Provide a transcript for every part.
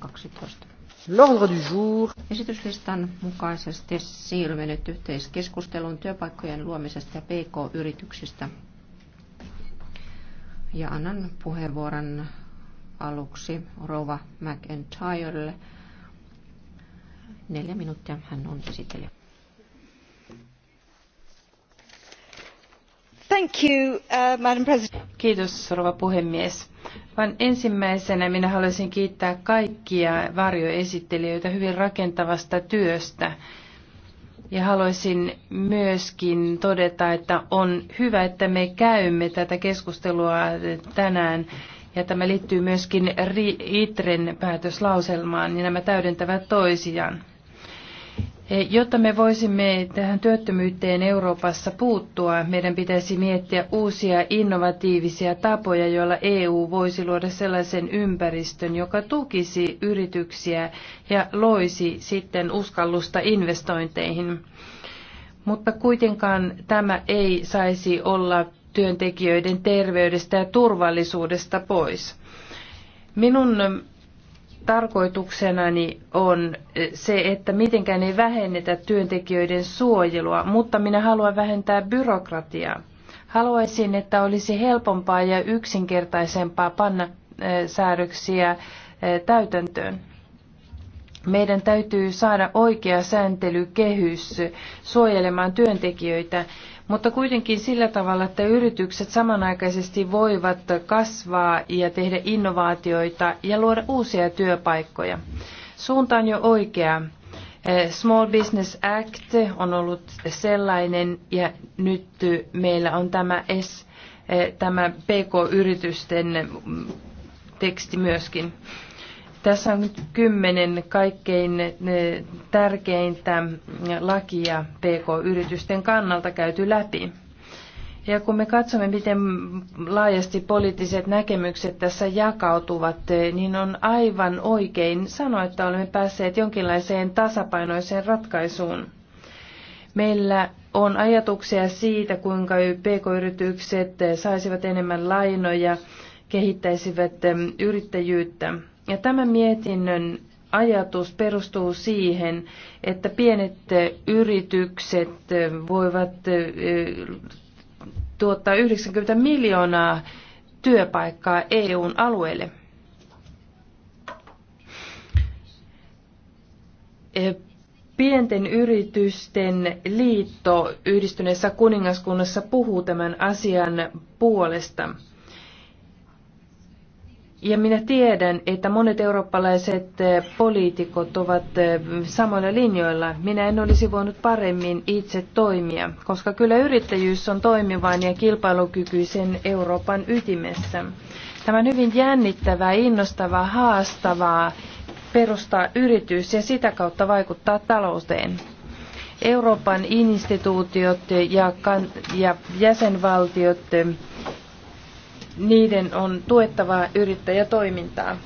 12. L'ordre du jour. Esityslistan mukaisesti siirrymme nyt yhteiskeskusteluun työpaikkojen luomisesta ja PK-yrityksistä. Ja annan puheenvuoron aluksi Rova McIntyrelle. Neljä minuuttia hän on esittelijä. Uh, Kiitos, rouva puhemies. Vaan ensimmäisenä minä haluaisin kiittää kaikkia varjoesittelijöitä hyvin rakentavasta työstä. Ja haluaisin myöskin todeta, että on hyvä, että me käymme tätä keskustelua tänään. Ja tämä liittyy myöskin ITREn päätöslauselmaan, ja nämä täydentävät toisiaan. Jotta me voisimme tähän työttömyyteen Euroopassa puuttua, meidän pitäisi miettiä uusia innovatiivisia tapoja, joilla EU voisi luoda sellaisen ympäristön, joka tukisi yrityksiä ja loisi sitten uskallusta investointeihin. Mutta kuitenkaan tämä ei saisi olla työntekijöiden terveydestä ja turvallisuudesta pois. Minun tarkoituksenani on eh, se, että mitenkään ei vähennetä työntekijöiden suojelua, mutta minä haluan vähentää byrokratiaa. Haluaisin, että olisi helpompaa ja yksinkertaisempaa panna eh, säädöksiä eh, täytäntöön. Meidän täytyy saada oikea sääntelykehys suojelemaan työntekijöitä, mutta kuitenkin sillä tavalla, että yritykset samanaikaisesti voivat kasvaa ja tehdä innovaatioita ja luoda uusia työpaikkoja. Suunta on jo oikea. Eh, Small Business Act on ollut sellainen ja nyt meillä on tämä S, eh, tämä PK-yritysten teksti myöskin. Tässä on kymmenen kaikkein eh, tärkeintä lakia PK-yritysten kannalta käyty läpi. Ja kun me katsomme, miten laajasti poliittiset näkemykset tässä jakautuvat, eh, niin on aivan oikein sanoa, että olemme päässeet jonkinlaiseen tasapainoiseen ratkaisuun. Meillä on ajatuksia siitä, kuinka pk-yritykset eh, saisivat enemmän lainoja, kehittäisivät yrittäjyyttä ja tämän mietinnön ajatus perustuu siihen, että pienet yritykset voivat tuottaa 90 miljoonaa työpaikkaa EUn alueelle. Pienten yritysten liitto yhdistyneessä kuningaskunnassa puhuu tämän asian puolesta. Ja minä tiedän, että monet eurooppalaiset eh, poliitikot ovat eh, samoilla linjoilla. Minä en olisi voinut paremmin itse toimia, koska kyllä yrittäjyys on toimivan ja kilpailukykyisen Euroopan ytimessä. Tämä on hyvin jännittävää, innostavaa, haastavaa perustaa yritys ja sitä kautta vaikuttaa talouteen. Euroopan instituutiot ja, ja jäsenvaltiot eh, niiden on tuettavaa yrittäjätoimintaa.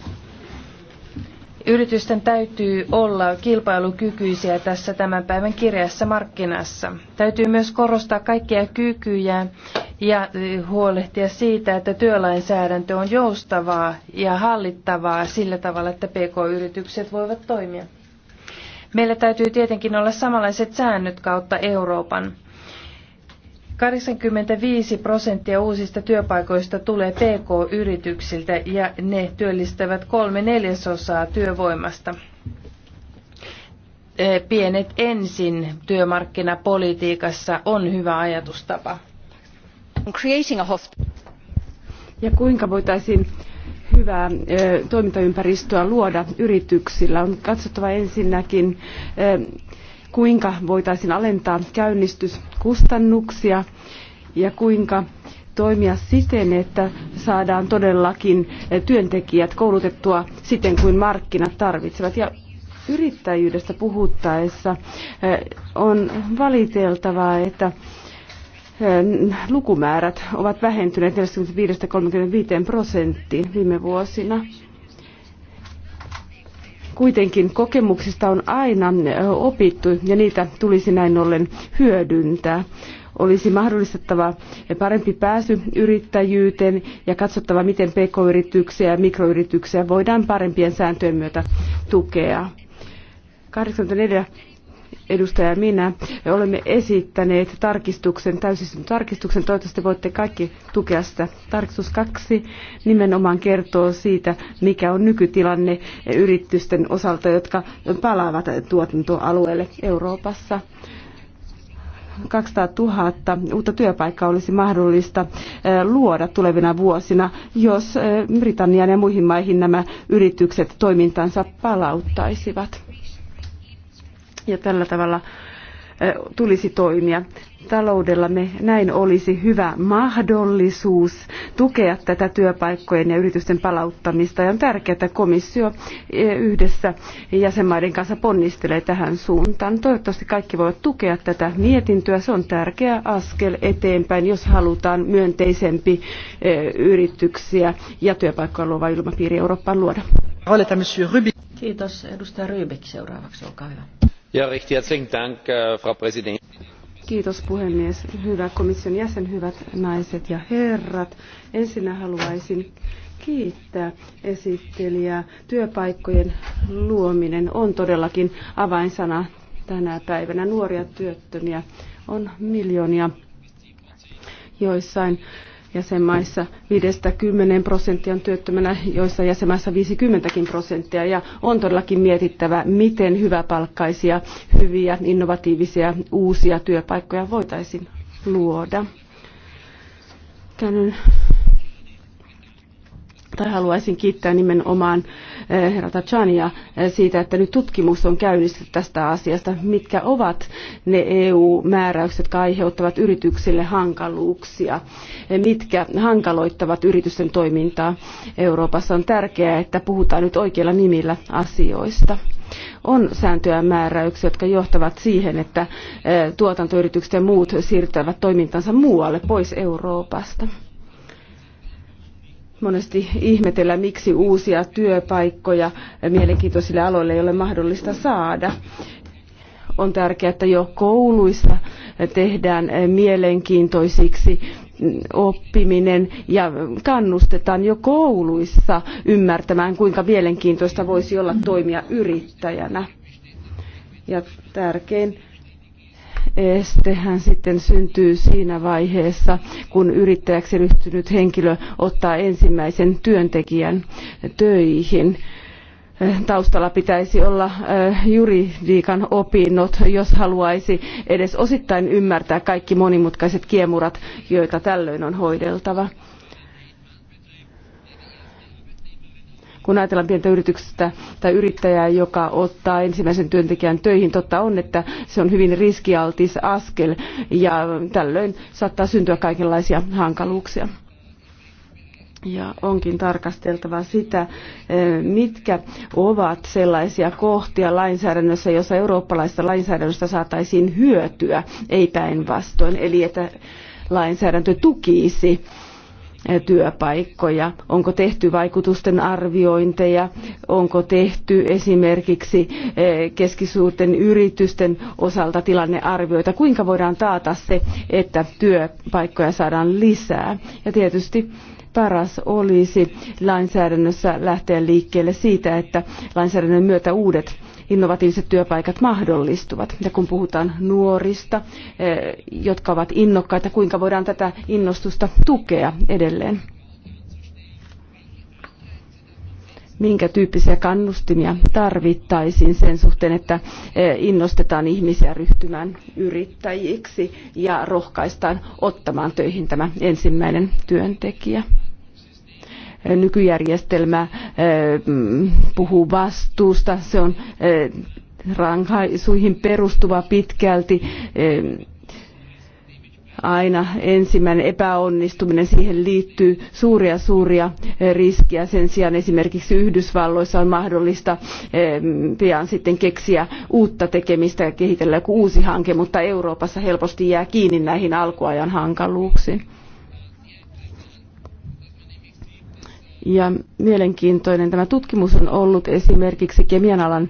Yritysten täytyy olla kilpailukykyisiä tässä tämän päivän kirjassa markkinassa. Täytyy myös korostaa kaikkia kykyjä ja huolehtia siitä, että työlainsäädäntö on joustavaa ja hallittavaa sillä tavalla, että pk-yritykset voivat toimia. Meillä täytyy tietenkin olla samanlaiset säännöt kautta Euroopan. 85 prosenttia uusista työpaikoista tulee PK-yrityksiltä ja ne työllistävät kolme neljäsosaa työvoimasta. Pienet ensin työmarkkinapolitiikassa on hyvä ajatustapa. Ja kuinka voitaisiin hyvää toimintaympäristöä luoda yrityksillä? On katsottava ensinnäkin kuinka voitaisiin alentaa käynnistyskustannuksia ja kuinka toimia siten, että saadaan todellakin työntekijät koulutettua siten kuin markkinat tarvitsevat. Ja yrittäjyydestä puhuttaessa eh, on valiteltavaa, että eh, lukumäärät ovat vähentyneet 45-35 prosenttiin viime vuosina. Kuitenkin kokemuksista on aina opittu ja niitä tulisi näin ollen hyödyntää olisi mahdollistettava parempi pääsy yrittäjyyteen ja katsottava, miten pk-yrityksiä ja mikroyrityksiä voidaan parempien sääntöjen myötä tukea. 84 edustaja ja minä olemme esittäneet tarkistuksen, täysistunnon tarkistuksen. Toivottavasti voitte kaikki tukea sitä. Tarkistus 2 nimenomaan kertoo siitä, mikä on nykytilanne yritysten osalta, jotka palaavat tuotantoalueelle Euroopassa. 200 000 uutta työpaikkaa olisi mahdollista luoda tulevina vuosina, jos Britannian ja muihin maihin nämä yritykset toimintansa palauttaisivat ja tällä tavalla tulisi toimia. Taloudella me näin olisi hyvä mahdollisuus tukea tätä työpaikkojen ja yritysten palauttamista. Ja on tärkeää, että komissio yhdessä jäsenmaiden kanssa ponnistelee tähän suuntaan. Toivottavasti kaikki voivat tukea tätä mietintöä. Se on tärkeä askel eteenpäin, jos halutaan myönteisempi yrityksiä ja työpaikkoja luova ilmapiiri Eurooppaan luoda. Kiitos. Edustaja Rybik seuraavaksi, olkaa hyvä. Äh, Kiitos puhemies. Hyvä komission jäsen, hyvät naiset ja herrat. Ensinnä haluaisin kiittää esittelijää. Työpaikkojen luominen on todellakin avainsana tänä päivänä. Nuoria työttömiä on miljoonia joissain jäsenmaissa 5-10 prosenttia on työttömänä, joissa jäsenmaissa 50kin prosenttia. Ja on todellakin mietittävä, miten hyväpalkkaisia, hyviä, innovatiivisia, uusia työpaikkoja voitaisiin luoda. Käännyn tai haluaisin kiittää nimenomaan eh, herra Tajania eh, siitä, että nyt tutkimus on käynnissä tästä asiasta. Mitkä ovat ne EU-määräykset, jotka aiheuttavat yrityksille hankaluuksia? Eh, mitkä hankaloittavat yritysten toimintaa Euroopassa? On tärkeää, että puhutaan nyt oikeilla nimillä asioista on sääntöjä ja määräyksiä, jotka johtavat siihen, että tuotantoyritykset ja muut siirtävät toimintansa muualle pois Euroopasta monesti ihmetellä, miksi uusia työpaikkoja mielenkiintoisille aloille ei ole mahdollista saada. On tärkeää, että jo kouluissa tehdään mielenkiintoisiksi oppiminen ja kannustetaan jo kouluissa ymmärtämään, kuinka mielenkiintoista voisi olla toimia yrittäjänä. Ja tärkein estehän sitten syntyy siinä vaiheessa, kun yrittäjäksi ryhtynyt henkilö ottaa ensimmäisen työntekijän töihin taustalla pitäisi olla äh, juridiikan opinnot jos haluaisi edes osittain ymmärtää kaikki monimutkaiset kiemurat joita tällöin on hoideltava kun ajatellaan pientä yritystä tai yrittäjää, joka ottaa ensimmäisen työntekijän töihin, totta on, että se on hyvin riskialtis askel ja tällöin saattaa syntyä kaikenlaisia hankaluuksia. Ja onkin tarkasteltava sitä, eh, mitkä ovat sellaisia kohtia lainsäädännössä, jossa eurooppalaista lainsäädännöstä saataisiin hyötyä, ei päinvastoin. Eli että lainsäädäntö tukisi työpaikkoja? Onko tehty vaikutusten arviointeja? Onko tehty esimerkiksi eh, keskisuurten yritysten osalta tilannearvioita? Kuinka voidaan taata se, että työpaikkoja saadaan lisää? Ja tietysti paras olisi lainsäädännössä lähteä liikkeelle siitä, että lainsäädännön myötä uudet innovatiiviset työpaikat mahdollistuvat. Ja kun puhutaan nuorista, eh, jotka ovat innokkaita, kuinka voidaan tätä innostusta tukea edelleen? minkä tyyppisiä kannustimia tarvittaisiin sen suhteen, että eh, innostetaan ihmisiä ryhtymään yrittäjiksi ja rohkaistaan ottamaan töihin tämä ensimmäinen työntekijä nykyjärjestelmä eh, puhuu vastuusta, se on eh, rankaisuihin perustuva pitkälti eh, aina ensimmäinen epäonnistuminen siihen liittyy suuria suuria riskejä sen sijaan esimerkiksi yhdysvalloissa on mahdollista pian sitten keksiä uutta tekemistä ja kehitellä joku uusi hanke mutta euroopassa helposti jää kiinni näihin alkuajan hankaluuksiin. Ja mielenkiintoinen tämä tutkimus on ollut esimerkiksi kemian alan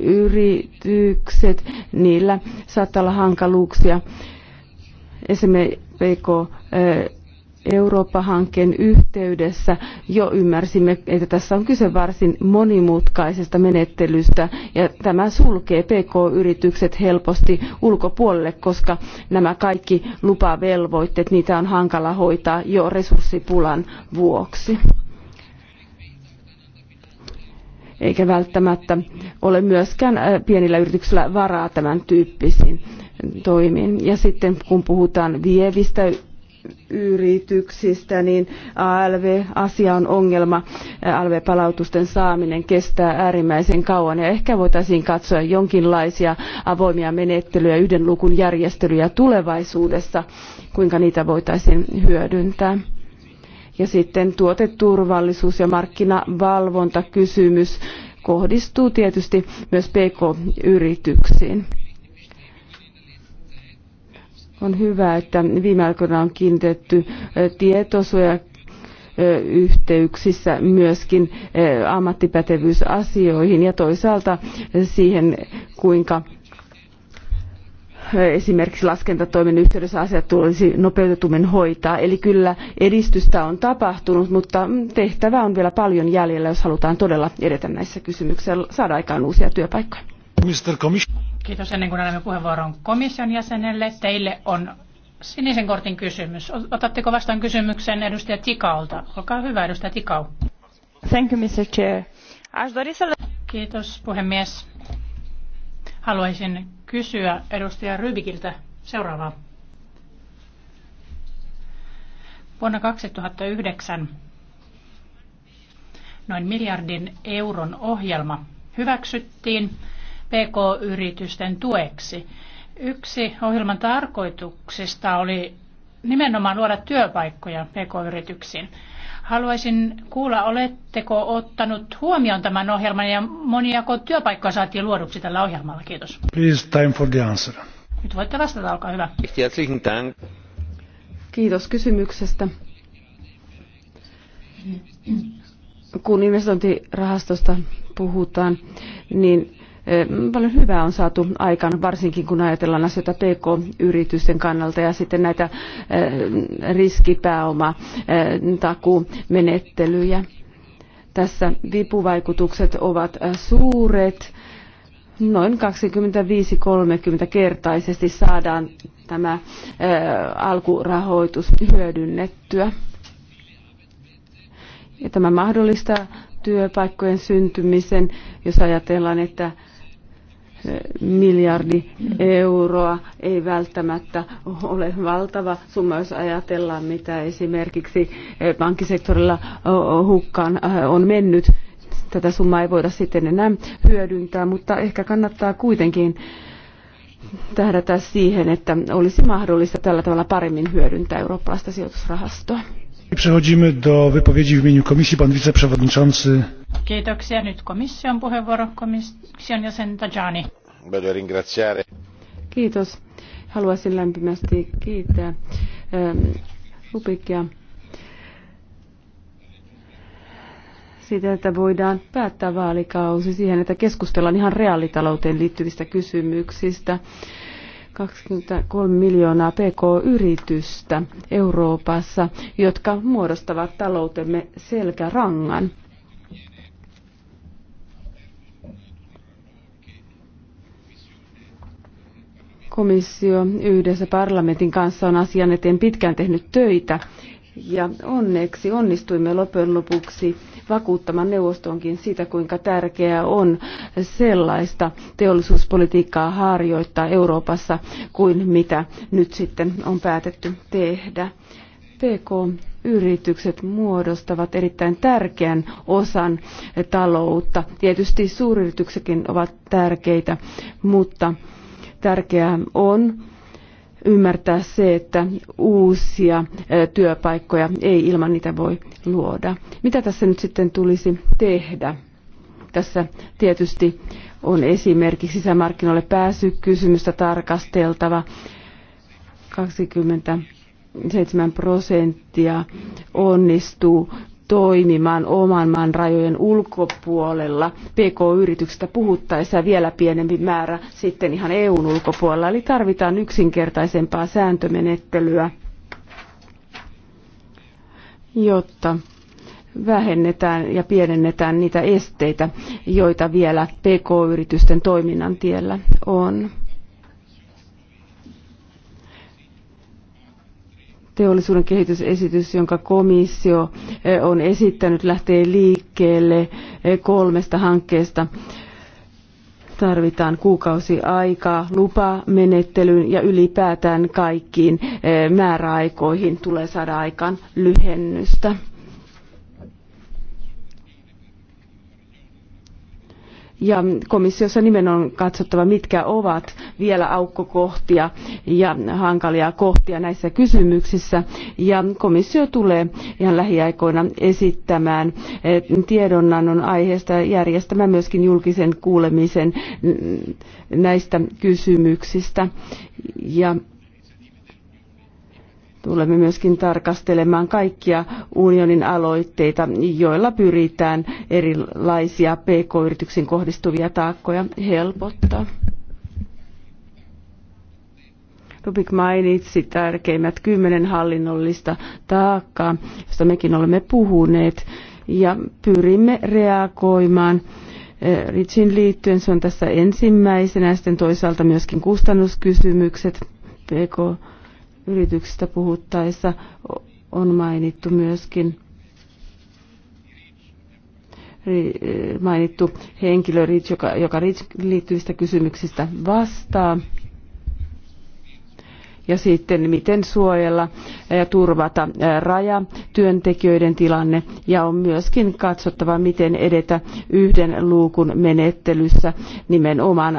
yritykset, niillä saattaa olla hankaluuksia. esimerkiksi eh, Eurooppa-hankkeen yhteydessä jo ymmärsimme, että tässä on kyse varsin monimutkaisesta menettelystä ja tämä sulkee PK-yritykset helposti ulkopuolelle, koska nämä kaikki lupavelvoitteet, niitä on hankala hoitaa jo resurssipulan vuoksi eikä välttämättä ole myöskään äh, pienillä yrityksillä varaa tämän tyyppisiin toimiin. Ja sitten kun puhutaan vievistä yrityksistä, niin ALV-asia on ongelma. Äh, ALV-palautusten saaminen kestää äärimmäisen kauan ja ehkä voitaisiin katsoa jonkinlaisia avoimia menettelyjä, yhden lukun järjestelyjä tulevaisuudessa, kuinka niitä voitaisiin hyödyntää. Ja sitten tuoteturvallisuus ja markkinavalvontakysymys kohdistuu tietysti myös PK-yrityksiin. On hyvä, että viime aikoina on kiinnitetty tietosuoja yhteyksissä myöskin ammattipätevyysasioihin ja toisaalta siihen, kuinka esimerkiksi laskentatoimen yhteydessä asiat tulisi nopeutetummin hoitaa. Eli kyllä edistystä on tapahtunut, mutta tehtävää on vielä paljon jäljellä, jos halutaan todella edetä näissä kysymyksissä ja saada aikaan uusia työpaikkoja. Kiitos ennen kuin annamme puheenvuoron komission jäsenelle. Teille on sinisen kortin kysymys. Otatteko vastaan kysymyksen edustaja Tikaulta? Olkaa hyvä, edustaja Tikau. Thank you, Mr. Chair. Kiitos puhemies Haluaisin kysyä edustaja Rybikiltä seuraavaa. Vuonna 2009 noin miljardin euron ohjelma hyväksyttiin PK-yritysten tueksi. Yksi ohjelman tarkoituksista oli nimenomaan luoda työpaikkoja PK-yrityksiin. Haluaisin kuulla, oletteko ottanut huomioon tämän ohjelman ja moniako työpaikkoja saatiin luoduksi tällä ohjelmalla? Kiitos. Please, time for the answer. Nyt voitte vastata, olkaa hyvä. Kiitos kysymyksestä. Kun investointirahastosta puhutaan, niin Paljon hyvää on saatu aikaan, varsinkin kun ajatellaan asioita PK-yritysten kannalta ja sitten näitä riskipääoma Tässä vipuvaikutukset ovat suuret. Noin 25-30 kertaisesti saadaan tämä alkurahoitus hyödynnettyä. Ja tämä mahdollistaa työpaikkojen syntymisen, jos ajatellaan, että miljardi euroa ei välttämättä ole valtava summa, jos ajatellaan, mitä esimerkiksi eh, pankkisektorilla hukkaan eh, on mennyt. Tätä summaa ei voida sitten enää hyödyntää, mutta ehkä kannattaa kuitenkin tähdätä siihen, että olisi mahdollista tällä tavalla paremmin hyödyntää eurooppalaista sijoitusrahastoa. Przechodzimy do wypowiedzi w imieniu komisji. Pan wiceprzewodniczący. Kiitoksia. Nyt komission puheenvuoro. Komission jäsen Tajani. Kiitos. Haluaisin lämpimästi kiittää Rubikia ähm, siitä, että voidaan päättää vaalikausi siihen, että keskustellaan ihan reaalitalouteen liittyvistä kysymyksistä. 23 miljoonaa pk-yritystä Euroopassa, jotka muodostavat taloutemme selkärangan. Komissio yhdessä parlamentin kanssa on asian eteen pitkään tehnyt töitä ja onneksi onnistuimme loppujen lopuksi vakuuttamaan neuvostonkin siitä, kuinka tärkeää on sellaista teollisuuspolitiikkaa harjoittaa Euroopassa kuin mitä nyt sitten on päätetty tehdä. PK yritykset muodostavat erittäin tärkeän osan taloutta. Tietysti suuryrityksetkin ovat tärkeitä, mutta tärkeää on, ymmärtää se, että uusia työpaikkoja ei ilman niitä voi luoda. Mitä tässä nyt sitten tulisi tehdä? Tässä tietysti on esimerkiksi sisämarkkinoille pääsykysymystä tarkasteltava. 20 prosenttia onnistuu toimimaan oman maan rajojen ulkopuolella PK-yrityksistä puhuttaessa ja vielä pienempi määrä sitten ihan EUn ulkopuolella. Eli tarvitaan yksinkertaisempaa sääntömenettelyä, jotta vähennetään ja pienennetään niitä esteitä, joita vielä PK-yritysten toiminnan tiellä on. teollisuuden kehitysesitys, jonka komissio eh, on esittänyt, lähtee liikkeelle eh, kolmesta hankkeesta. Tarvitaan kuukausi aikaa lupamenettelyyn ja ylipäätään kaikkiin eh, määräaikoihin tulee saada aikaan lyhennystä. ja komissiossa nimenomaan on katsottava, mitkä ovat vielä aukkokohtia ja hankalia kohtia näissä kysymyksissä. Ja komissio tulee ihan lähiaikoina esittämään eh, tiedonannon aiheesta ja järjestämään myöskin julkisen kuulemisen mm, näistä kysymyksistä. Ja tulemme myöskin tarkastelemaan kaikkia unionin aloitteita, joilla pyritään erilaisia pk-yrityksiin kohdistuvia taakkoja helpottaa. Rubik mainitsi tärkeimmät kymmenen hallinnollista taakkaa, josta mekin olemme puhuneet, ja pyrimme reagoimaan eh, Ritsin liittyen. Se on tässä ensimmäisenä, sitten toisaalta myöskin kustannuskysymykset, pk yrityksistä puhuttaessa on mainittu myöskin mainittu henkilö, joka, joka liittyvistä kysymyksistä vastaa ja sitten miten suojella ja turvata rajatyöntekijöiden tilanne ja on myöskin katsottava miten edetä yhden luukun menettelyssä nimenomaan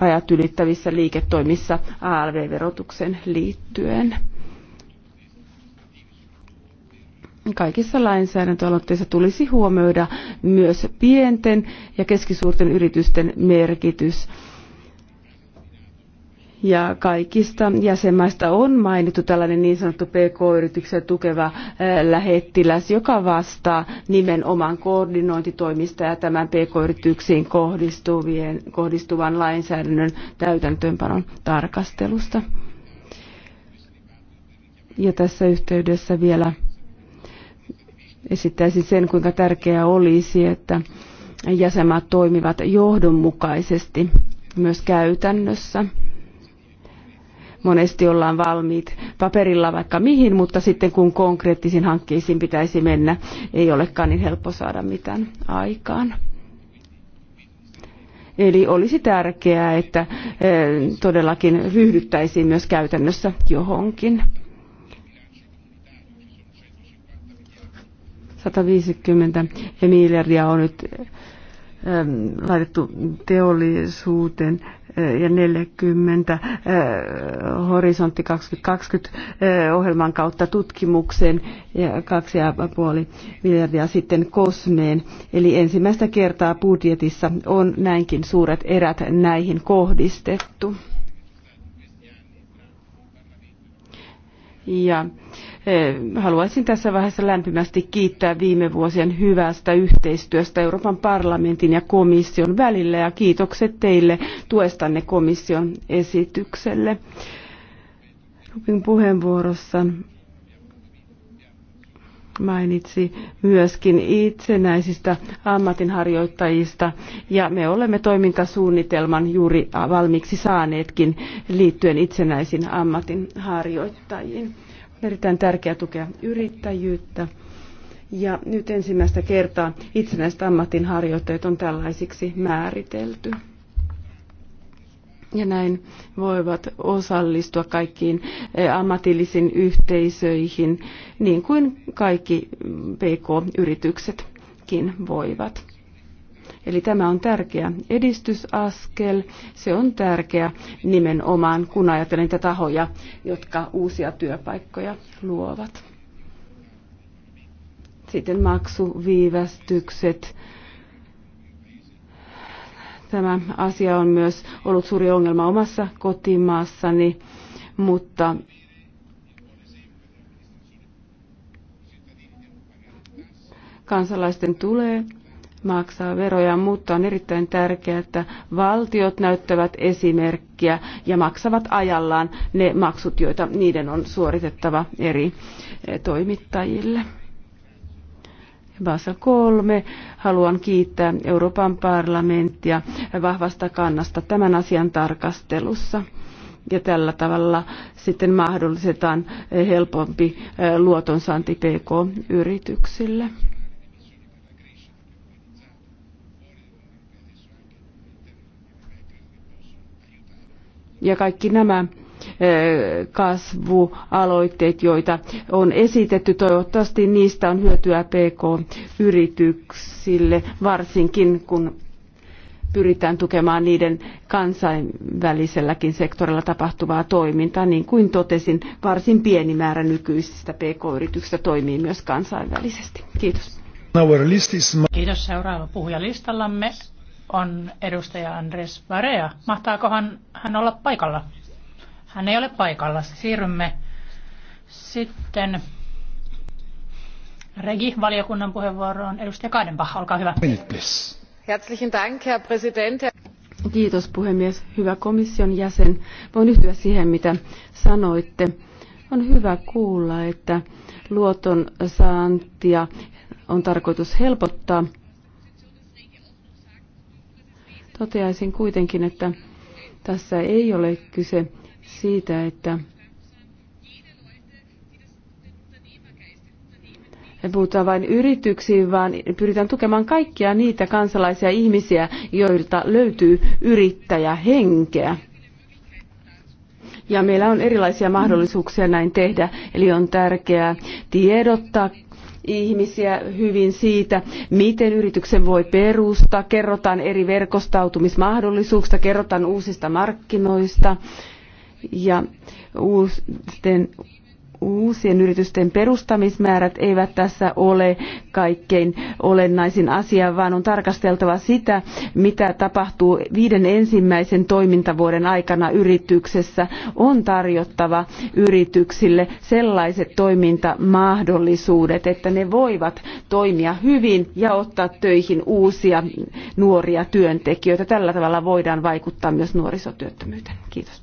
rajat ylittävissä liiketoimissa alv verotuksen liittyen kaikissa lainsäädäntöaloitteissa tulisi huomioida myös pienten ja keskisuurten yritysten merkitys ja kaikista jäsenmaista on mainittu tällainen niin sanottu PK-yrityksiä tukeva lähettiläs, joka vastaa nimenomaan koordinointitoimista ja tämän PK-yrityksiin kohdistuvan lainsäädännön täytäntöönpanon tarkastelusta. Ja tässä yhteydessä vielä esittäisin sen, kuinka tärkeää olisi, että jäsenmaat toimivat johdonmukaisesti myös käytännössä Monesti ollaan valmiit paperilla vaikka mihin, mutta sitten kun konkreettisiin hankkeisiin pitäisi mennä, ei olekaan niin helppo saada mitään aikaan. Eli olisi tärkeää, että eh, todellakin ryhdyttäisiin myös käytännössä johonkin. 150 miljardia on nyt eh, laitettu teollisuuteen ja 40 äh, horisontti 2020 äh, ohjelman kautta tutkimukseen ja 2,5 miljardia sitten kosmeen. Eli ensimmäistä kertaa budjetissa on näinkin suuret erät näihin kohdistettu. Ja e, haluaisin tässä vaiheessa lämpimästi kiittää viime vuosien hyvästä yhteistyöstä Euroopan parlamentin ja komission välillä ja kiitokset teille tuestanne komission esitykselle. Rupin puheenvuorossa mainitsi myöskin itsenäisistä ammatinharjoittajista ja me olemme toimintasuunnitelman juuri valmiiksi saaneetkin liittyen itsenäisiin ammatinharjoittajiin. On erittäin tärkeää tukea yrittäjyyttä. Ja nyt ensimmäistä kertaa itsenäiset ammatinharjoittajat on tällaisiksi määritelty ja näin voivat osallistua kaikkiin eh, ammatillisiin yhteisöihin, niin kuin kaikki PK-yrityksetkin voivat. Eli tämä on tärkeä edistysaskel. Se on tärkeä nimenomaan, kun ajattelen niitä tahoja, jotka uusia työpaikkoja luovat. Sitten maksuviivästykset Tämä asia on myös ollut suuri ongelma omassa kotimaassani, mutta kansalaisten tulee maksaa veroja, mutta on erittäin tärkeää, että valtiot näyttävät esimerkkiä ja maksavat ajallaan ne maksut, joita niiden on suoritettava eri eh, toimittajille. Basel 3. Haluan kiittää Euroopan parlamenttia vahvasta kannasta tämän asian tarkastelussa. Ja tällä tavalla sitten mahdollistetaan helpompi eh, luotonsaanti PK-yrityksille. Ja kaikki nämä kasvualoitteet, joita on esitetty. Toivottavasti niistä on hyötyä PK-yrityksille, varsinkin kun pyritään tukemaan niiden kansainväliselläkin sektorilla tapahtuvaa toimintaa. Niin kuin totesin, varsin pieni määrä nykyisistä PK-yrityksistä toimii myös kansainvälisesti. Kiitos. Kiitos. Seuraava puhuja listallamme on edustaja Andres Varea. Mahtaakohan hän olla paikalla? Hän ei ole paikalla. Siirrymme sitten Regi-valiokunnan puheenvuoroon. Edustaja Kaidenbach, olkaa hyvä. Herzlichen Dank, Herr Präsident. Kiitos puhemies. Hyvä komission jäsen. Voin yhtyä siihen, mitä sanoitte. On hyvä kuulla, että luoton saantia on tarkoitus helpottaa. Toteaisin kuitenkin, että tässä ei ole kyse siitä, että me puhutaan vain yrityksiin, vaan pyritään tukemaan kaikkia niitä kansalaisia ihmisiä, joilta löytyy yrittäjähenkeä. Ja meillä on erilaisia mahdollisuuksia näin tehdä, eli on tärkeää tiedottaa ihmisiä hyvin siitä, miten yrityksen voi perustaa, kerrotaan eri verkostautumismahdollisuuksista, kerrotaan uusista markkinoista ja uusten, uusien yritysten perustamismäärät eivät tässä ole kaikkein olennaisin asia, vaan on tarkasteltava sitä, mitä tapahtuu viiden ensimmäisen toimintavuoden aikana yrityksessä. On tarjottava yrityksille sellaiset toimintamahdollisuudet, että ne voivat toimia hyvin ja ottaa töihin uusia nuoria työntekijöitä. Tällä tavalla voidaan vaikuttaa myös nuorisotyöttömyyteen. Kiitos.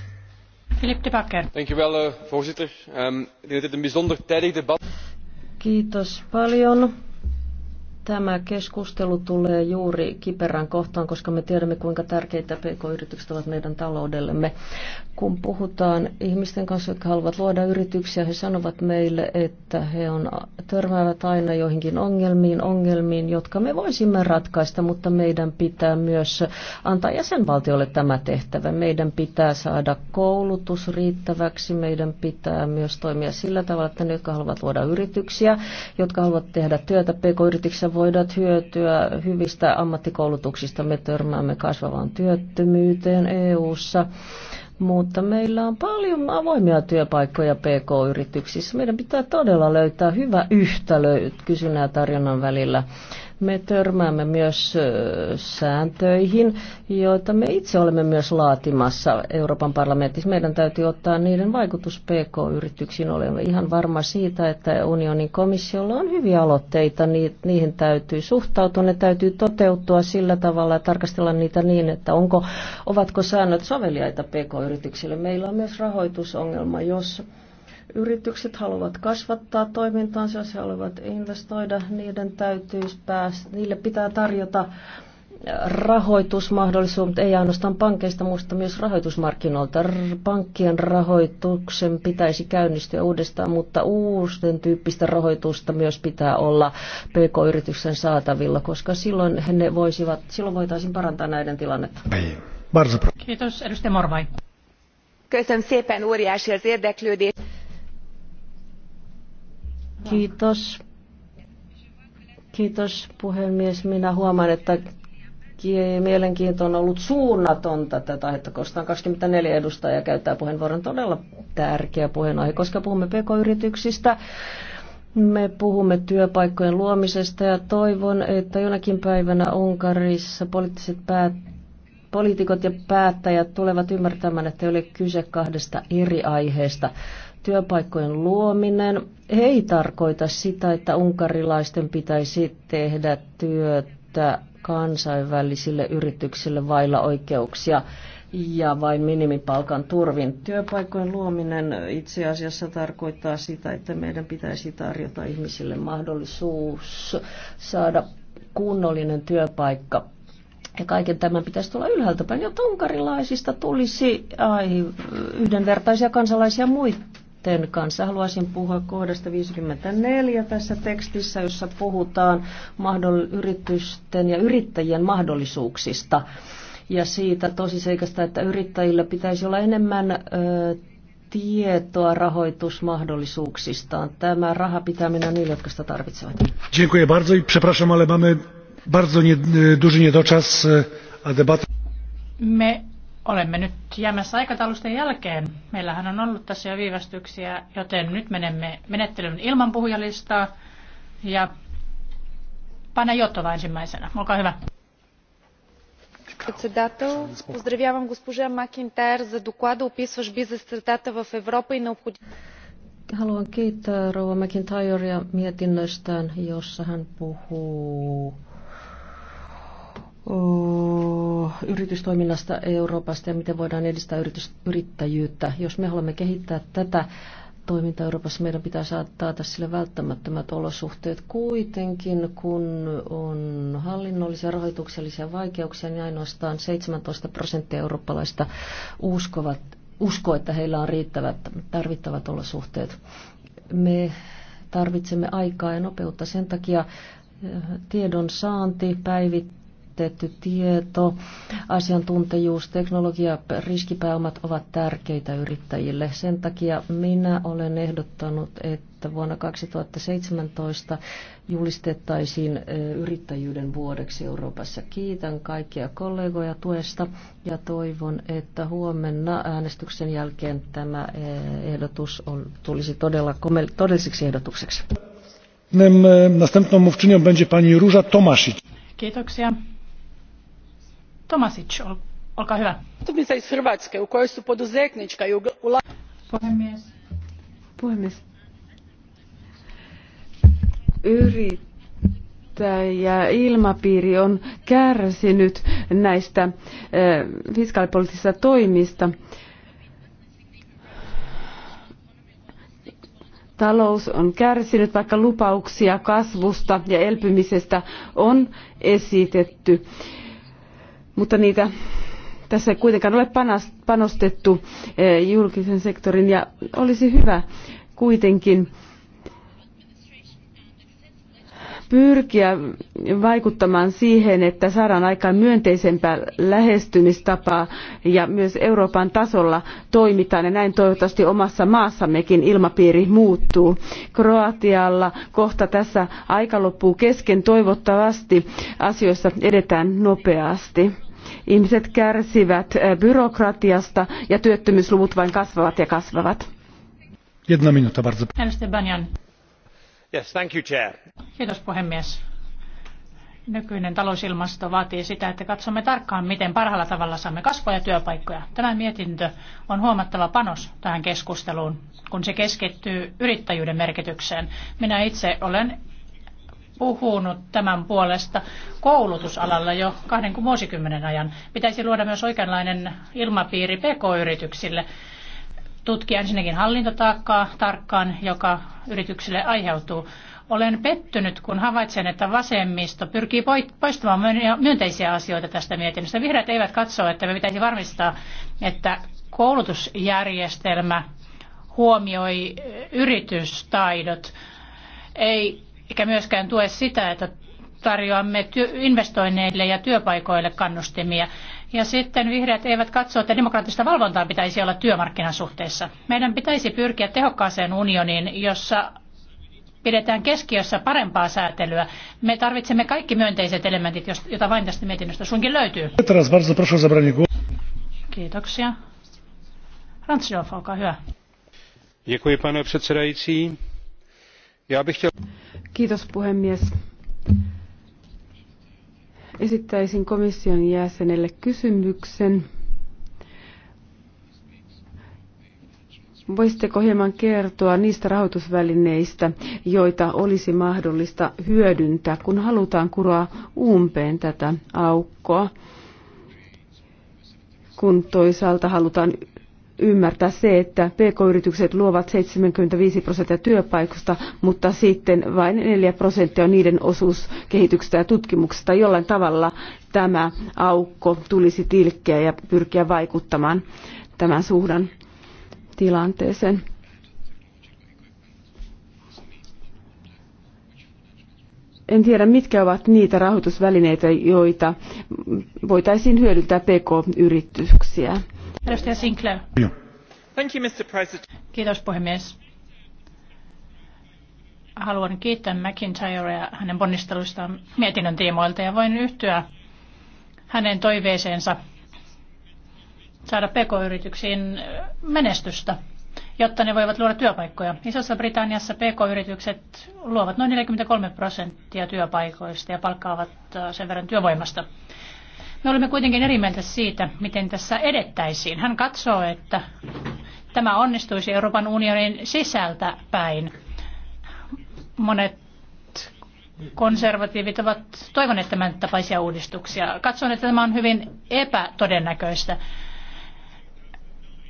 Eh, voorzitter ehm, ik denk dat dit een bijzonder tijdig debat is. Tämä keskustelu tulee juuri kiperään kohtaan, koska me tiedämme, kuinka tärkeitä pk-yritykset ovat meidän taloudellemme. Kun puhutaan ihmisten kanssa, jotka haluavat luoda yrityksiä, he sanovat meille, että he on, törmäävät aina joihinkin ongelmiin, ongelmiin, jotka me voisimme ratkaista, mutta meidän pitää myös antaa jäsenvaltiolle tämä tehtävä. Meidän pitää saada koulutus riittäväksi, meidän pitää myös toimia sillä tavalla, että ne, jotka haluavat luoda yrityksiä, jotka haluavat tehdä työtä pk-yrityksissä, voidaan hyötyä hyvistä ammattikoulutuksista. Me törmäämme kasvavaan työttömyyteen EU-ssa, mutta meillä on paljon avoimia työpaikkoja PK-yrityksissä. Meidän pitää todella löytää hyvä yhtälö kysynnän ja tarjonnan välillä me törmäämme myös sääntöihin, joita me itse olemme myös laatimassa Euroopan parlamentissa. Meidän täytyy ottaa niiden vaikutus PK-yrityksiin. Olemme ihan varma siitä, että unionin komissiolla on hyviä aloitteita, niihin täytyy suhtautua, ne täytyy toteutua sillä tavalla ja tarkastella niitä niin, että onko, ovatko säännöt soveliaita PK-yrityksille. Meillä on myös rahoitusongelma, jos Yritykset haluavat kasvattaa toimintaansa, jos he haluavat investoida, niiden täytyy päästä, niille pitää tarjota äh, mutta ei ainoastaan pankeista, mutta myös rahoitusmarkkinoilta. Pankkien rahoituksen pitäisi käynnistyä uudestaan, mutta uusten tyyppistä rahoitusta myös pitää olla PK-yrityksen saatavilla, koska silloin ne voisivat, silloin voitaisiin parantaa näiden tilannetta. Niin. Kiitos, edustaja Morvai. Köszönöm szépen óriási az érdeklődés. Kiitos. Kiitos puhemies. Minä huomaan, että mielenkiinto on ollut suunnatonta tätä aihetta, koska 24 edustajaa käyttää puheenvuoron todella tärkeä puheenaihe, koska puhumme pk-yrityksistä. Me puhumme työpaikkojen luomisesta ja toivon, että jonakin päivänä Unkarissa poliittiset päät poliitikot ja päättäjät tulevat ymmärtämään, että ei ole kyse kahdesta eri aiheesta. Työpaikkojen luominen ei tarkoita sitä, että unkarilaisten pitäisi tehdä työtä kansainvälisille yrityksille vailla oikeuksia ja vain minimipalkan turvin. Työpaikkojen luominen itse asiassa tarkoittaa sitä, että meidän pitäisi tarjota ihmisille mahdollisuus saada kunnollinen työpaikka. Ja kaiken tämän pitäisi tulla ylhäältä päin, jotta unkarilaisista tulisi ai, yhdenvertaisia kansalaisia muita sitten kanssa haluaisin puhua kohdasta 54 tässä tekstissä, jossa puhutaan yritysten ja yrittäjien mahdollisuuksista ja siitä tosiseikasta, että yrittäjillä pitäisi olla enemmän ö, tietoa rahoitusmahdollisuuksistaan. Tämä raha pitää mennä niille, jotka sitä tarvitsevat. Dziękuję bardzo i przepraszam, ale mamy bardzo nie, duży niedoczas, a debata... Me Olemme nyt jäämässä aikataulusten jälkeen. Meillähän on ollut tässä jo viivästyksiä, joten nyt menemme menettelyn ilman puhujalistaa. Ja Pane Jotova ensimmäisenä. Olkaa hyvä. Председател, поздравявам госпожа Макинтайр за доклада, описващ бизнес средата в Европа и необходимост. Haluan kiittää Rouva McIntyrea mietinnöstään, jossa hän puhuu yritystoiminnasta Euroopasta ja miten voidaan edistää yritys, yrittäjyyttä. Jos me haluamme kehittää tätä toimintaa Euroopassa, meidän pitää saattaa sille välttämättömät olosuhteet. Kuitenkin, kun on hallinnollisia rahoituksellisia vaikeuksia, niin ainoastaan 17 prosenttia eurooppalaista uskovat, uskoo, että heillä on riittävät tarvittavat olosuhteet. Me tarvitsemme aikaa ja nopeutta. Sen takia tiedon saanti, päivit, kehittetty tieto, asiantuntijuus, teknologia, riskipääomat ovat tärkeitä yrittäjille. Sen takia minä olen ehdottanut, että vuonna 2017 julistettaisiin yrittäjyyden vuodeksi Euroopassa. Kiitän kaikkia kollegoja tuesta ja toivon, että huomenna äänestyksen jälkeen tämä ehdotus on, tulisi todella todelliseksi ehdotukseksi. Następną mówczynią będzie pani Róża Tomasic. Kiitoksia. Tomasic, Zastupnica iz Hrvatske u kojoj su poduzetnička i Puhemies. on kärsinyt näistä eh, fiskaalipoliittisista toimista. talous on kärsinyt, vaikka lupauksia kasvusta ja elpymisestä on esitetty mutta niitä tässä ei kuitenkaan ole panostettu eh, julkisen sektorin ja olisi hyvä kuitenkin pyrkiä vaikuttamaan siihen, että saadaan aikaan myönteisempää lähestymistapaa ja myös Euroopan tasolla toimitaan ja näin toivottavasti omassa maassammekin ilmapiiri muuttuu. Kroatialla kohta tässä aika loppuu kesken. Toivottavasti asioissa edetään nopeasti. Ihmiset kärsivät äh, byrokratiasta ja työttömyysluvut vain kasvavat ja kasvavat. Jedna minuutta, bardzo arvoisa Kiitos puhemies. Nykyinen talousilmasto vaatii sitä, että katsomme tarkkaan, miten parhaalla tavalla saamme kasvua ja työpaikkoja. Tämä mietintö on huomattava panos tähän keskusteluun, kun se keskittyy yrittäjyyden merkitykseen. Minä itse olen puhunut tämän puolesta koulutusalalla jo kahden vuosikymmenen ajan. Pitäisi luoda myös oikeanlainen ilmapiiri pk-yrityksille tutkia ensinnäkin hallintotaakkaa tarkkaan, joka yrityksille aiheutuu. Olen pettynyt, kun havaitsen, että vasemmisto pyrkii poistamaan myönteisiä asioita tästä mietinnöstä. Vihreät eivät katso, että me pitäisi varmistaa, että koulutusjärjestelmä huomioi yritystaidot, ei, eikä myöskään tue sitä, että tarjoamme investoinneille ja työpaikoille kannustimia. Ja sitten vihreät eivät katso, että demokraattista valvontaa pitäisi olla työmarkkinasuhteessa. Meidän pitäisi pyrkiä tehokkaaseen unioniin, jossa pidetään keskiössä parempaa säätelyä. Me tarvitsemme kaikki myönteiset elementit, joita vain tästä mietinnöstä sunkin löytyy. Kiitoksia. Ransdorf, olkaa hyvä. Kiitos puhemies. Esittäisin komission jäsenelle kysymyksen. Voisitteko hieman kertoa niistä rahoitusvälineistä, joita olisi mahdollista hyödyntää, kun halutaan kuroa umpeen tätä aukkoa, kun toisaalta halutaan ymmärtää se, että PK-yritykset luovat 75 prosenttia työpaikoista, mutta sitten vain 4 prosenttia on niiden osuus kehityksestä ja tutkimuksesta. Jollain tavalla tämä aukko tulisi tilkkiä ja pyrkiä vaikuttamaan tämän suhdan tilanteeseen. en tiedä, mitkä ovat niitä rahoitusvälineitä, joita voitaisiin hyödyntää pk-yrityksiä Edustaja Kiitos puhemies. Haluan kiittää McIntyrea hänen ponnisteluistaan mietinnön tiimoilta ja voin yhtyä hänen toiveeseensa saada pk-yrityksiin menestystä, jotta ne voivat luoda työpaikkoja. Isossa Britanniassa pk-yritykset luovat noin 43 prosenttia työpaikoista ja palkkaavat äh, sen verran työvoimasta. Me olemme kuitenkin eri mieltä siitä, miten tässä edettäisiin. Hän katsoo, että tämä onnistuisi Euroopan unionin sisältä päin. Monet konservatiivit ovat toivoneet tämän tapaisia uudistuksia. Katson, että tämä on hyvin epätodennäköistä.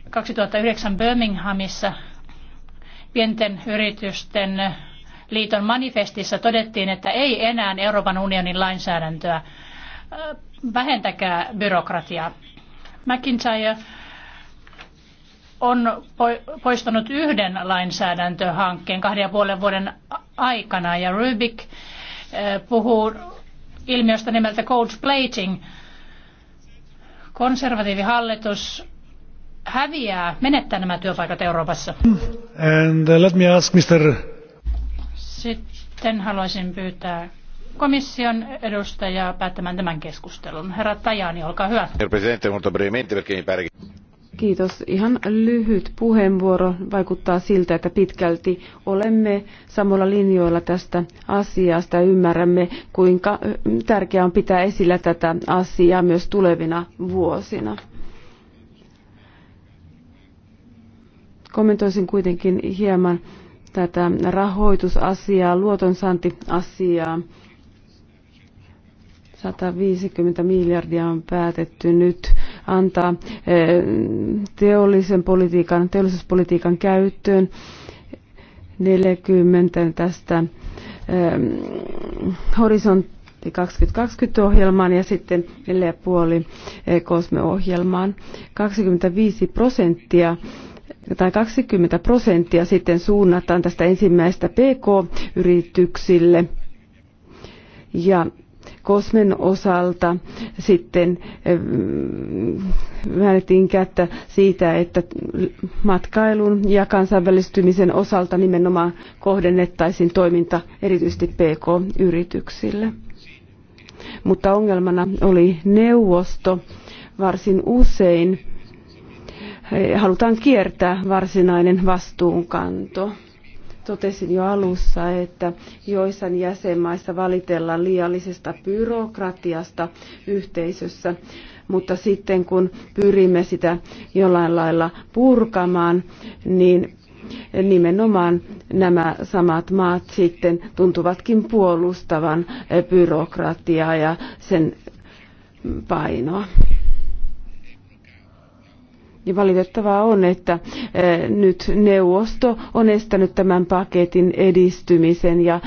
2009 Birminghamissa pienten yritysten liiton manifestissa todettiin, että ei enää Euroopan unionin lainsäädäntöä vähentäkää byrokratiaa. McIntyre on poistanut yhden lainsäädäntöhankkeen kahden ja puolen vuoden aikana ja Rubik puhuu ilmiöstä nimeltä cold plating. Konservatiivihallitus häviää, menettää nämä työpaikat Euroopassa. And uh, let me ask Mr. Sitten haluaisin pyytää komission edustajaa päättämään tämän keskustelun. Herra Tajani, olkaa hyvä. Kiitos. Ihan lyhyt puheenvuoro. Vaikuttaa siltä, että pitkälti olemme samalla linjoilla tästä asiasta ja ymmärrämme, kuinka tärkeää on pitää esillä tätä asiaa myös tulevina vuosina. Kommentoisin kuitenkin hieman tätä rahoitusasiaa, luotonsaantiasiaa. 150 miljardia on päätetty nyt antaa eh, teollisen politiikan, teollisuuspolitiikan käyttöön. 40 tästä eh, horisontti 2020-ohjelmaan ja sitten 4,5 kosmeohjelmaan. 25 prosenttia tai 20 prosenttia sitten suunnataan tästä ensimmäistä PK-yrityksille ja Kosmen osalta sitten eh, väännettiin kättä siitä, että matkailun ja kansainvälistymisen osalta nimenomaan kohdennettaisiin toiminta erityisesti PK-yrityksille. Mutta ongelmana oli neuvosto varsin usein. Eh, halutaan kiertää varsinainen vastuunkanto. Totesin jo alussa, että joissain jäsenmaissa valitellaan liiallisesta byrokratiasta yhteisössä, mutta sitten kun pyrimme sitä jollain lailla purkamaan, niin nimenomaan nämä samat maat sitten tuntuvatkin puolustavan byrokratiaa ja sen painoa. Ja niin valitettavaa on, että eh, nyt neuvosto on estänyt tämän paketin edistymisen ja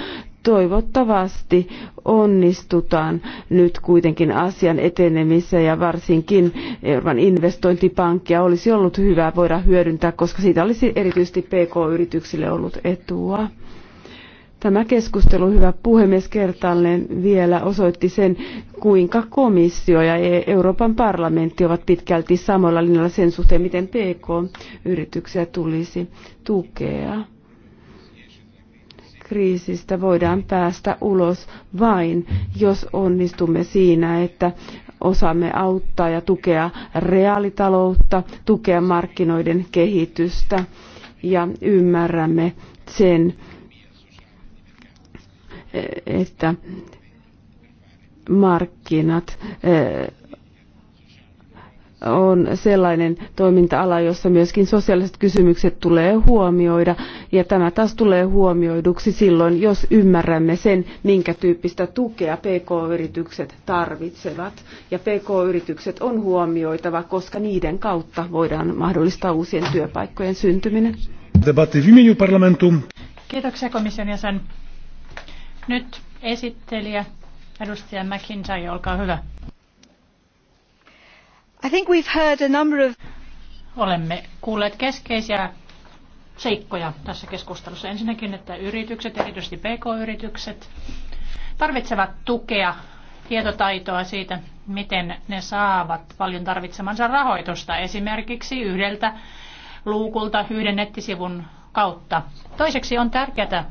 toivottavasti onnistutaan nyt kuitenkin asian etenemiseen ja varsinkin Euroopan investointipankkia olisi ollut hyvä voida hyödyntää, koska siitä olisi erityisesti PK-yrityksille ollut etua. Tämä keskustelu, hyvä puhemies, kertaalleen vielä osoitti sen, kuinka komissio ja e- Euroopan parlamentti ovat pitkälti samoilla linjalla sen suhteen, miten PK-yrityksiä tulisi tukea. Kriisistä voidaan päästä ulos vain, jos onnistumme siinä, että osaamme auttaa ja tukea reaalitaloutta, tukea markkinoiden kehitystä ja ymmärrämme sen, että markkinat eh, on sellainen toiminta-ala, jossa myöskin sosiaaliset kysymykset tulee huomioida. Ja tämä taas tulee huomioiduksi silloin, jos ymmärrämme sen, minkä tyyppistä tukea PK-yritykset tarvitsevat. Ja PK-yritykset on huomioitava, koska niiden kautta voidaan mahdollistaa uusien työpaikkojen syntyminen. Kiitoksia komission jäsen. Nyt esittelijä, edustaja McIntyre, olkaa hyvä. I think we've heard a number of... Olemme kuulleet keskeisiä seikkoja tässä keskustelussa. Ensinnäkin, että yritykset, erityisesti pk-yritykset, tarvitsevat tukea, tietotaitoa siitä, miten ne saavat paljon tarvitsemansa rahoitusta esimerkiksi yhdeltä luukulta, yhden nettisivun kautta. Toiseksi on tärkeää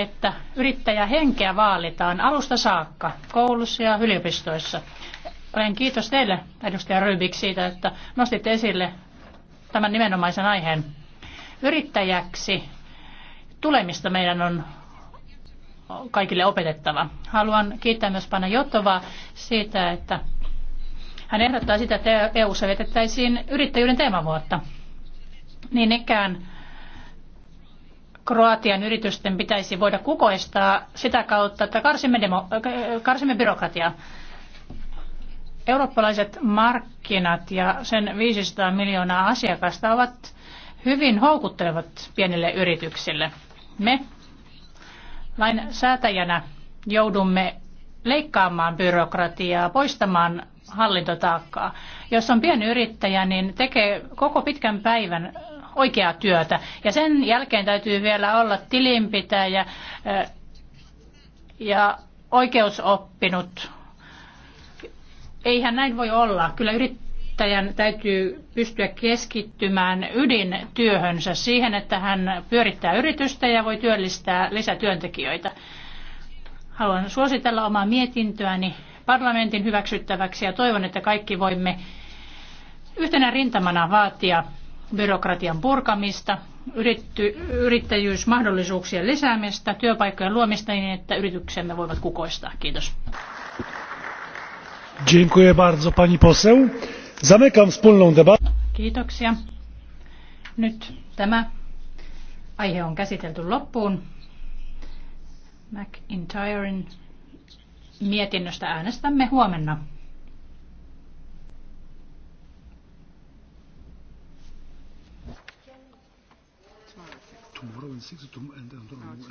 että yrittäjähenkeä vaalitaan alusta saakka koulussa ja yliopistoissa. Olen kiitos teille, edustaja Rybik, siitä, että nostitte esille tämän nimenomaisen aiheen. Yrittäjäksi tulemista meidän on kaikille opetettava. Haluan kiittää myös Pana Jotovaa siitä, että hän ehdottaa sitä, että EU-ssa e vietettäisiin yrittäjyyden teemavuotta. Niin ikään Kroatian yritysten pitäisi voida kukoistaa sitä kautta, että karsimme, demo, äh, karsimme byrokratiaa. Eurooppalaiset markkinat ja sen 500 miljoonaa asiakasta ovat hyvin houkuttelevat pienille yrityksille. Me lain säätäjänä joudumme leikkaamaan byrokratiaa, poistamaan hallintotaakkaa. Jos on pienyrittäjä, niin tekee koko pitkän päivän oikeaa työtä. Ja sen jälkeen täytyy vielä olla tilinpitäjä ja oikeusoppinut. Eihän näin voi olla. Kyllä yrittäjän täytyy pystyä keskittymään ydintyöhönsä siihen, että hän pyörittää yritystä ja voi työllistää lisätyöntekijöitä. Haluan suositella omaa mietintöäni parlamentin hyväksyttäväksi ja toivon, että kaikki voimme yhtenä rintamana vaatia byrokratian purkamista, yrittäjyysmahdollisuuksien lisäämistä, työpaikkojen luomista niin, että yrityksemme voivat kukoistaa. Kiitos. Dziękuję bardzo pani poseł. Zamykam wspólną debatę. Kiitoksia. Nyt tämä aihe on käsitelty loppuun. McIntyren mietinnöstä äänestämme huomenna. No,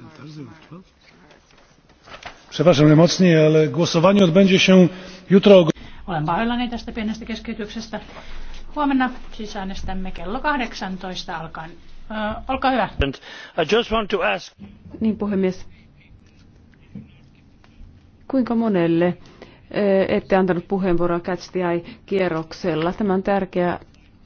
Przepraszam najmocniej, ale głosowanie odbędzie się jutro. Olen pahoillani tästä pienestä keskeytyksestä. Huomenna siis äänestämme kello 18 alkaen. Uh, olkaa hyvä. I just want to ask... Niin puhemies. Kuinka monelle ette antanut puheenvuoroa Catch the Eye-kierroksella? Tämä on tärkeä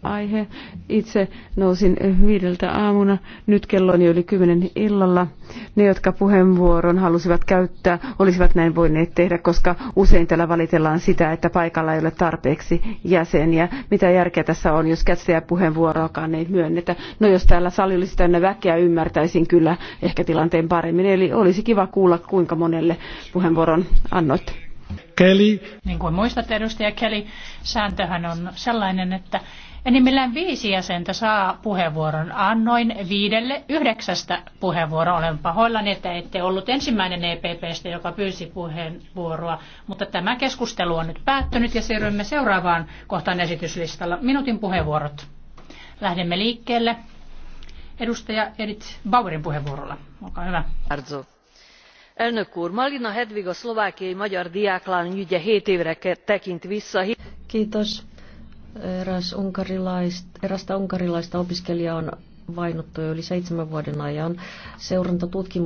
aihe. Itse nousin viideltä aamuna, nyt kello on jo yli kymmenen illalla. Ne, jotka puheenvuoron halusivat käyttää, olisivat näin voineet tehdä, koska usein täällä valitellaan sitä, että paikalla ei ole tarpeeksi jäseniä. Mitä järkeä tässä on, jos kätsejä puheenvuoroakaan ei myönnetä? No jos täällä sali olisi täynnä väkeä, ymmärtäisin kyllä ehkä tilanteen paremmin. Eli olisi kiva kuulla, kuinka monelle puheenvuoron annoit. Kelly. Niin kuin muistat edustaja Kelly, sääntöhän on sellainen, että Enimmillään viisi jäsentä saa puheenvuoron. Annoin viidelle yhdeksästä puheenvuoroa. Olen pahoillani, että ette ollut ensimmäinen EPPstä, joka pyysi puheenvuoroa. Mutta tämä keskustelu on nyt päättynyt ja siirrymme seuraavaan kohtaan esityslistalla. Minuutin puheenvuorot. Lähdemme liikkeelle. Edustaja Edith Bauerin puheenvuorolla. Olkaa hyvä. Arzu. Elnök úr, Malina Hedvig szlovákiai magyar diáklán ügye 7 évre tekint vissza. Kiitos Eräs unkarilaista, erästä unkarilaista opiskelijaa on vainottu jo yli seitsemän vuoden ajan. Seurantatutkimus